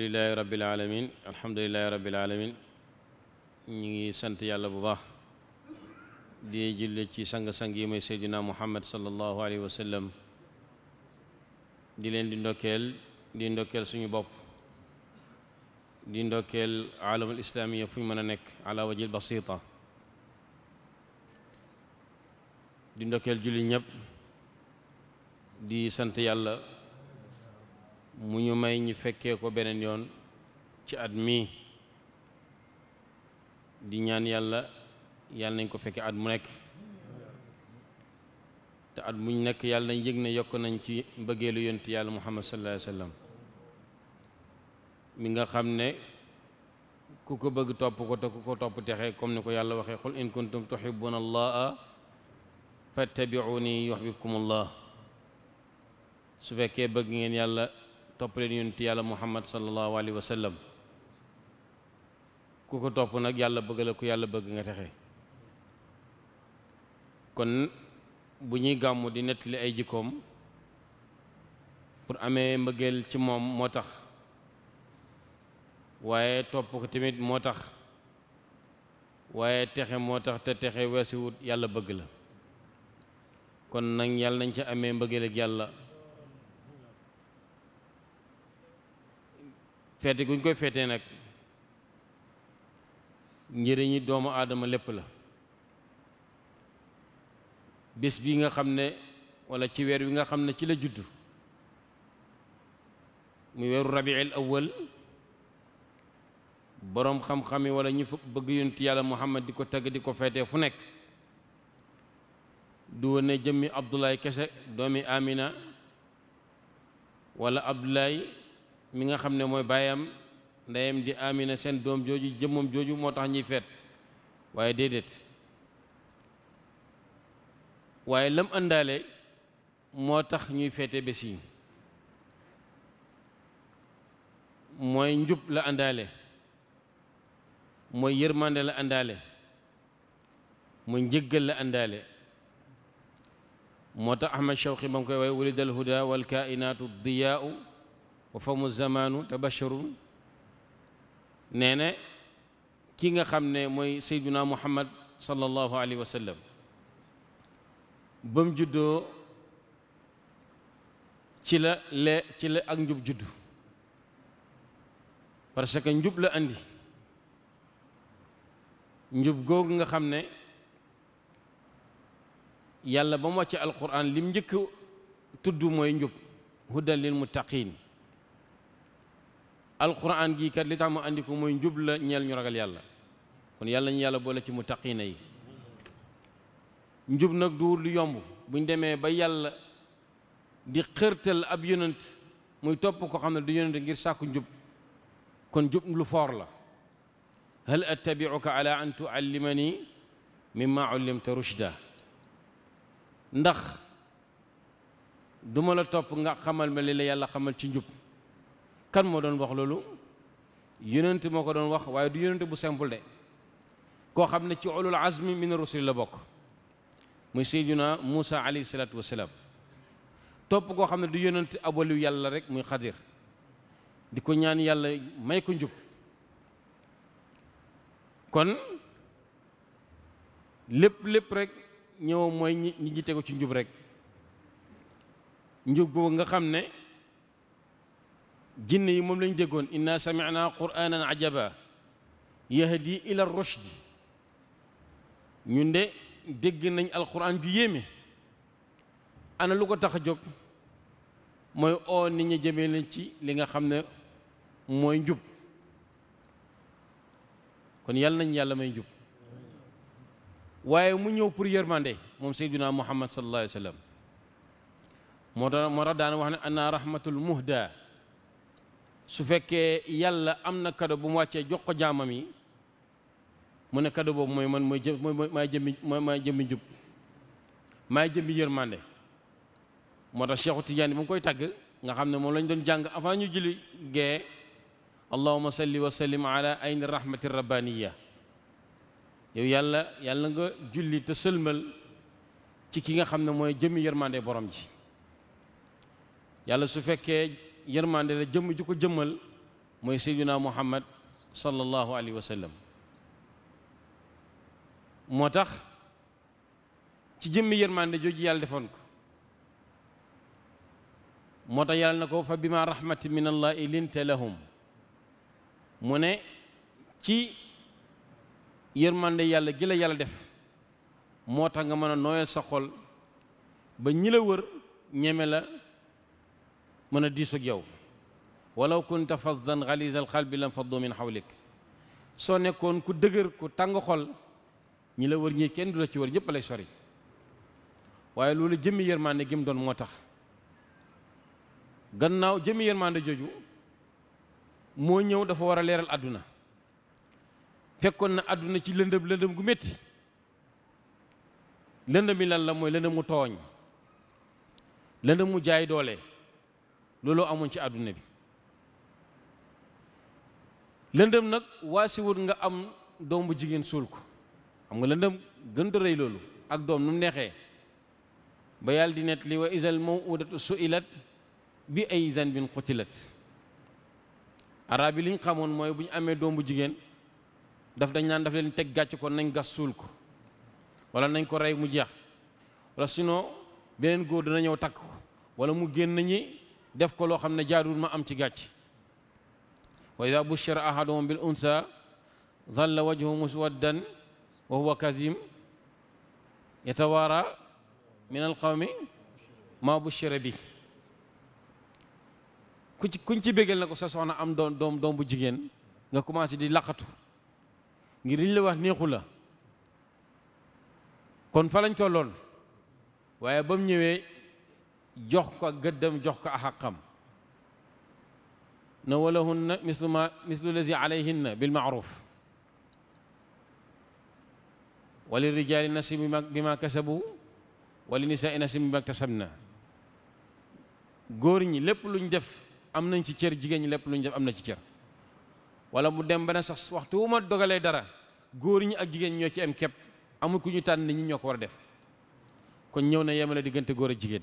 alhamdulilahi rabbil alamin alhamdulilahi rabbil alamin ñu ngi sant yàlla bu baax di julli ci sang-sang yi mooy seydina muhammad sallallahu alayhi wa sallam di leen di ndokkeel di ndokkeel suñu bopp di ndokkeel aalamal islaamiya fu ñu mën a nekk ala wajil basita di ndokkeel julli ñëpp di sant yàlla mu ñu may ñu fekkee ko beneen yoon ci at mii di ñaan yàlla yàlla nañ ko fekkee at mu nekk te at muñ nekk yàlla nañ yëg ne yokk nañ ci mbëggeelu yonent yàlla muhammad sallallahu alayhi wa mi nga xam ne ku ko bëgg topp ko te ku ko topp texee comme ni ko yàlla waxee qul in kuntum tuhibbuna allaha fattabi'uni yuhibbukum allah su fekkee bëgg ngeen yàlla topp leen yonent yàlla muhammad sallallahu alayhi wa sallam ku ko topp nag yàlla bëgg la ku yàlla bëgg nga texe kon bu ñuy gàmmu di nettali ay jikkoom pour amee mbëggeel ci moom moo tax waaye topp ko tamit moo tax waaye texe moo tax te texe weesuwut yàlla bëgg la kon nag yàlla nañ ca amee mbëggeel ak yàlla feete guñ koy feetee nag njëriñi doomu aadama lépp la bés bi nga xam ne walla ci weer wi nga xam ne ci la juddu muy weeru rabiil awwal boroom xam-xam yi walla ñu bëgg yonent yàlla muhammad di ko tagg di ko feetee fu nekk du woon jëmmi abdoulaye kese doomi amina walla abdoulaye mi nga xam ne mooy baayam ndeyam di amina seen doom jooju jëmmam jooju moo tax ñuy feet waaye déedéet waaye lam àndaale moo tax ñuy feete bés yi mooy njub la àndaale mooy yërmande la àndaale mooy njëggal la àndaale moo tax Ahmad Shawqi ba mu koy waaye walidal huda wal kainaatu diyaau wa famu zamanu tabasharun nee na ki nga xam ne mooy sayduna muhammad sallallahu alayhi wa sallam ba juddoo ci la lee ak njub juddu parce que njub la andi njub googu nga xam ne yàlla ba mu wàcce alquran lim njëkk tudd mooy njub hudan lil muttaqin alquran gii kat li tax mu andi ko mooy njub la ñeel ñu ragal yàlla kon yàlla ñu yàlla boole ci mu taqiina yi njub nag du lu yomb buñ demee ba yàlla di xërtal ab yonent muy topp ko xam ne du yonent ngir sàkku njub kon njub lu foor la hal attabiuka ala an tuallimani mimma ullimta rushda ndax duma la topp nga xamal ma li yàlla xamal ci njub kan moo doon wax loolu yonent moo ko doon wax waaye du yonent bu simple de koo xam ne ci ulul azmi min rusuli la bokk muy seyduna Muusa alayhi salaatu wasalaam topp koo xam ne du yonent aboliw yàlla rek muy xadir di ko ñaan yàlla may ko njub kon lépp lépp rek ñëw mooy ñi ñi tegu ci njub rek njub boobu nga xam ne jinne yi moom lañ déggoon inna sami'na qur'anan ajaba yahdi ila rushdi ñun de dégg nañ alquran ju yéeme ana lu ko tax a jóg mooy oo nit ñi leen ci li nga xam ne mooy njub kon yàlla nañ yàlla moy njub waaye mu ñëw pour yërmande moom sayduna muhammad sallallahu alayhi wa sallam moo tax moo tax wax ne ana rahmatul muhda su fekkee yàlla am na kado bu mu wàccee jox ko jaamam yi mu ne kado boobu mooy man mooy jë mooy maay jëmmi maay jëmmi njub maay jëmmi yërmande moo tax Cheikhu Tidiane bu mu koy tàgg nga xam ne moom lañ doon jàng avant ñu julli gee allahuma salli wa sallim ala ayni rahmati rabbaniya yow yàlla yàlla nga julli te sëlmal ci ki nga xam ne mooy jëmmi yërmande borom ji yàlla su fekkee yërmande la jëmm ju ko jëmmal mooy seyduna muhammad sallallahu alayhi wa moo tax ci jëmm yërmande jooju yàlla defoon ko moo tax yàlla na ko fa bima rahmati min allahi linte lahum mu ne ci yërmande yàlla gi yàlla def moo tax nga mën a nooyal sa ba ñi la la mën a diisoo ak yow walaw kunta faddan xaliza alxalbi lam faddu min xawlik soo nekkoon ku dëgër ku tàng xol ñi la wër ñi kenn du la ci wër ñëpp lay sori waaye loolu jëmmi yërmande gi mu doon moo tax gannaaw jëmmi yërmande jooju moo ñëw dafa war a leeral àdduna fekkoon na àdduna ci lëndëm lëndëm gu metti lëndëm mi lan la mooy lëndëm mu tooñ lëndëm mu jaay doole looloo amoon ci àdduna bi lëndëm nag waasiwut nga am doom bu jigéen suul ko xam nga lëndëm gën a rëy loolu ak doom nu mu neexee ba yàlla di net li wa isal mawudatu suilat bi ay zanbin qutilat arab yi li ñu xamoon mooy bu ñu amee doom bu jigéen daf dañ naan daf leen teg gàcc ko nañ gas suul ko wala nañ ko rey mu jeex wala sinon beneen góor dana ñëw takk ko wala mu génn ñi def ko loo xam ne jaadul ma am ci gàcc wa ida bushira ahaduhum bil unsa zalla wajhu muswaddan wa huwa kazim yatawaara min alqawmi maa bushira bi ku ci kuñ ci na ko sa soxna am doom doom doom bu jigéen nga commencé di laqatu ngir liñ la wax neexu la kon fa lañ tolloon waaye ba mu ñëwee jox ko gëddam jox ko axaqam na walahunna mislu ma mislu lazi alayhinna bil maaruf wali rijaali nasibu bi ma kasabu wali nisaai nasibu bi ma na góor ñi lépp luñ def am nañ ci cër jigéen ñi lépp luñ def am na ci cër wala mu dem ba ne sax waxtu wu dogalee dara góor ñi ak jigéen ñoo ci am képp amul ku ñu tànn nit ñi ñoo ko war a def kon ñëw na yemale diggante góor ak jigéen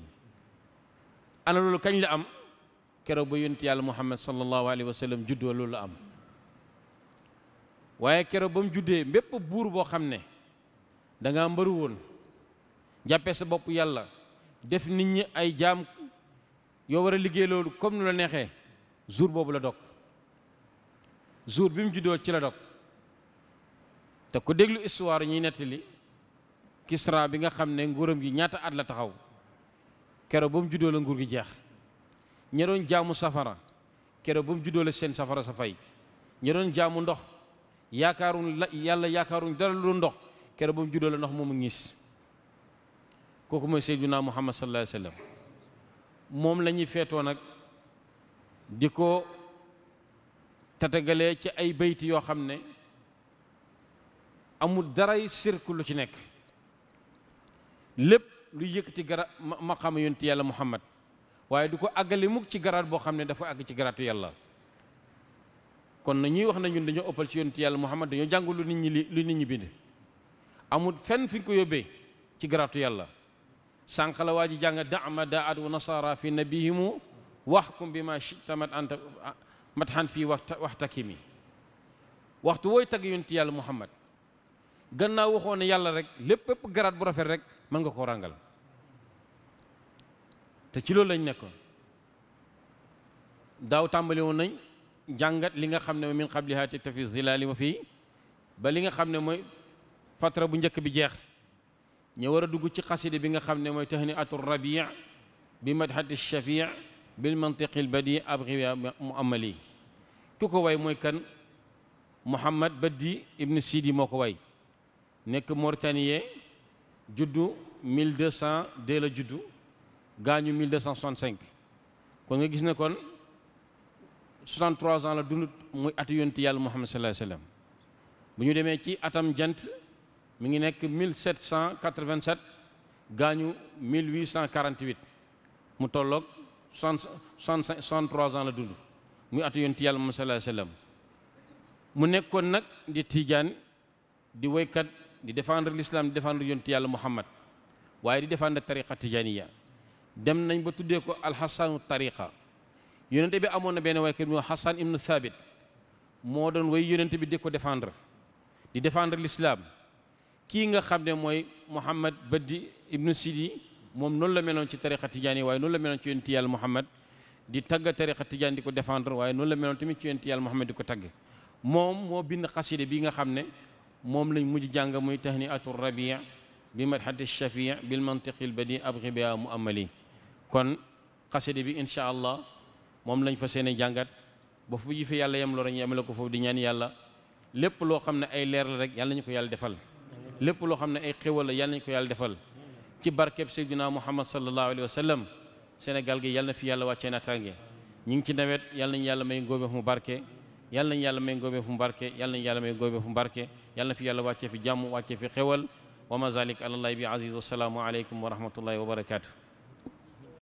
ana loolu kañ la am keroog ba yonent yàlla muhammad sallallahu alayhi wa sallam juddoo loolu la am waaye keroog ba mu juddee mbépp buur boo xam ne da ngaa mbaru woon jàppee sa bopp yàlla def nit ñi ay jaam yoo war a liggéey loolu comme nu la neexee jour boobu la dog jour bi mu juddoo ci la dog te ku déglu histoire ñuy nettali Kisra bi nga xam ne nguuram gi ñaata at la taxaw keroog ba mu juddoo la nguur gi jeex ña doon jaamu safara keroog ba mu juddoo la seen safara sa fay ña doon jaamu ndox yaakaaruñ yàlla yaakaaruñ dara lu ndox keroog ba mu juddoo la ndox moomu ngis kooku mooy Seydina Muhammad sallallahu alayhi wa moom lañuy ñuy feetoo nag di ko tatagalee ci ay bayti yoo xam ne amul daray sirku lu ci nekk lépp luy yëkkati gara maqaama yonti yàlla muhammad waaye du ko àggale mukk ci garaat boo xam ne dafa àgg ci garaatu yàlla kon na ñuy wax na ñun dañoo ëppal ci yonti yàlla muhammad dañoo jàngul ñi li lu nit ñi bind fenn fi ñu ko yóbbee ci garaatu la waa ji jàng dama daa at wa nasara fi nabihimu waxkum bi ma chita mat anta mat xan fii wax waxtaki mi waxtu wooy tagg yonti yàlla muhammad gannaaw waxoon ne yàlla rek lépp lépp garaat bu rafet rek mën nga koo rangal te ci loolu lañ nekkoon daaw tàmbali woon nañ jàngat li nga xam ne min qabliha te fi zilaali wa fi ba li nga xam ne mooy fatra bu njëkk bi jeex ñu war a dugg ci xaside bi nga xam ne mooy tahniatu rabi bi madhati shafii bil mantiqi l badi abria mu amali ku ko way mooy kan Mouhamad di Ibn Sidi moo ko way nekk Mauritanien juddu 1200 dee la juddu gaañu 1265 kon nga gis ne kon 63 ans la dund muy atu yonti yàlla Muhammad sallallahu alayhi bu ñu demee ci atam jant mi ngi nekk 1787 gaañu 1848 mu tolloog 65 63 ans la dund muy atu yonti yàlla Muhammad sallallahu alayhi wasallam mu nekkoon nag di tiijaan di woykat di défendre l'islam di défendre yonti yàlla Muhammad waaye di défendre tariqa tijaaniya dem nañ ba tuddee ko alxasaanu tariqa yonente bi amoon na benn waykat mu xasan ibnu thabit moo doon way yonente bi di ko defendre di défendre l'islam kii nga xam ne mooy mouhamad baddi ibnu sidi moom noonu la meloon ci tariqa tijaani waaye noonu la meloon ci yonente yàlla mouhamad di tagg tariqa tijaani di ko defendre waaye noonu la meloon tamit ci yonente yàlla di ko tagg moom moo bin xaside bii nga xam ne moom lañ mujj jàng muy tahniatu rabia bi madhati shafia bil mantiqi l badi abri mu amali kon xaside bi incha allah moom lañu fa seeni jàngat ba fu yi fi yàlla yem loo rek ñu amele ko foofu di ñaan yàlla lépp loo xam ne ay leer la rek yàlla nañu ko yàlla defal lépp loo xam ne ay xéwal la yàlla nañu ko yàlla defal ci barkeb Seydina Muhammad sallallahu alayhi wa sallam Sénégal gi yàlla na fi yàlla wàccee naataange ñu ngi ci nawet yàlla nañu yàlla may ngóobe fu mu barke yàlla nañu yàlla may ngóobe fu mu barke yàlla yàlla may ngóobe barke yàlla na fi yàlla wàccee fi jàmm wàccee fi xéwal wa ma zalik alallahi bi aziz wasalaamu aleykum wa rahmatullahi wa barakatuh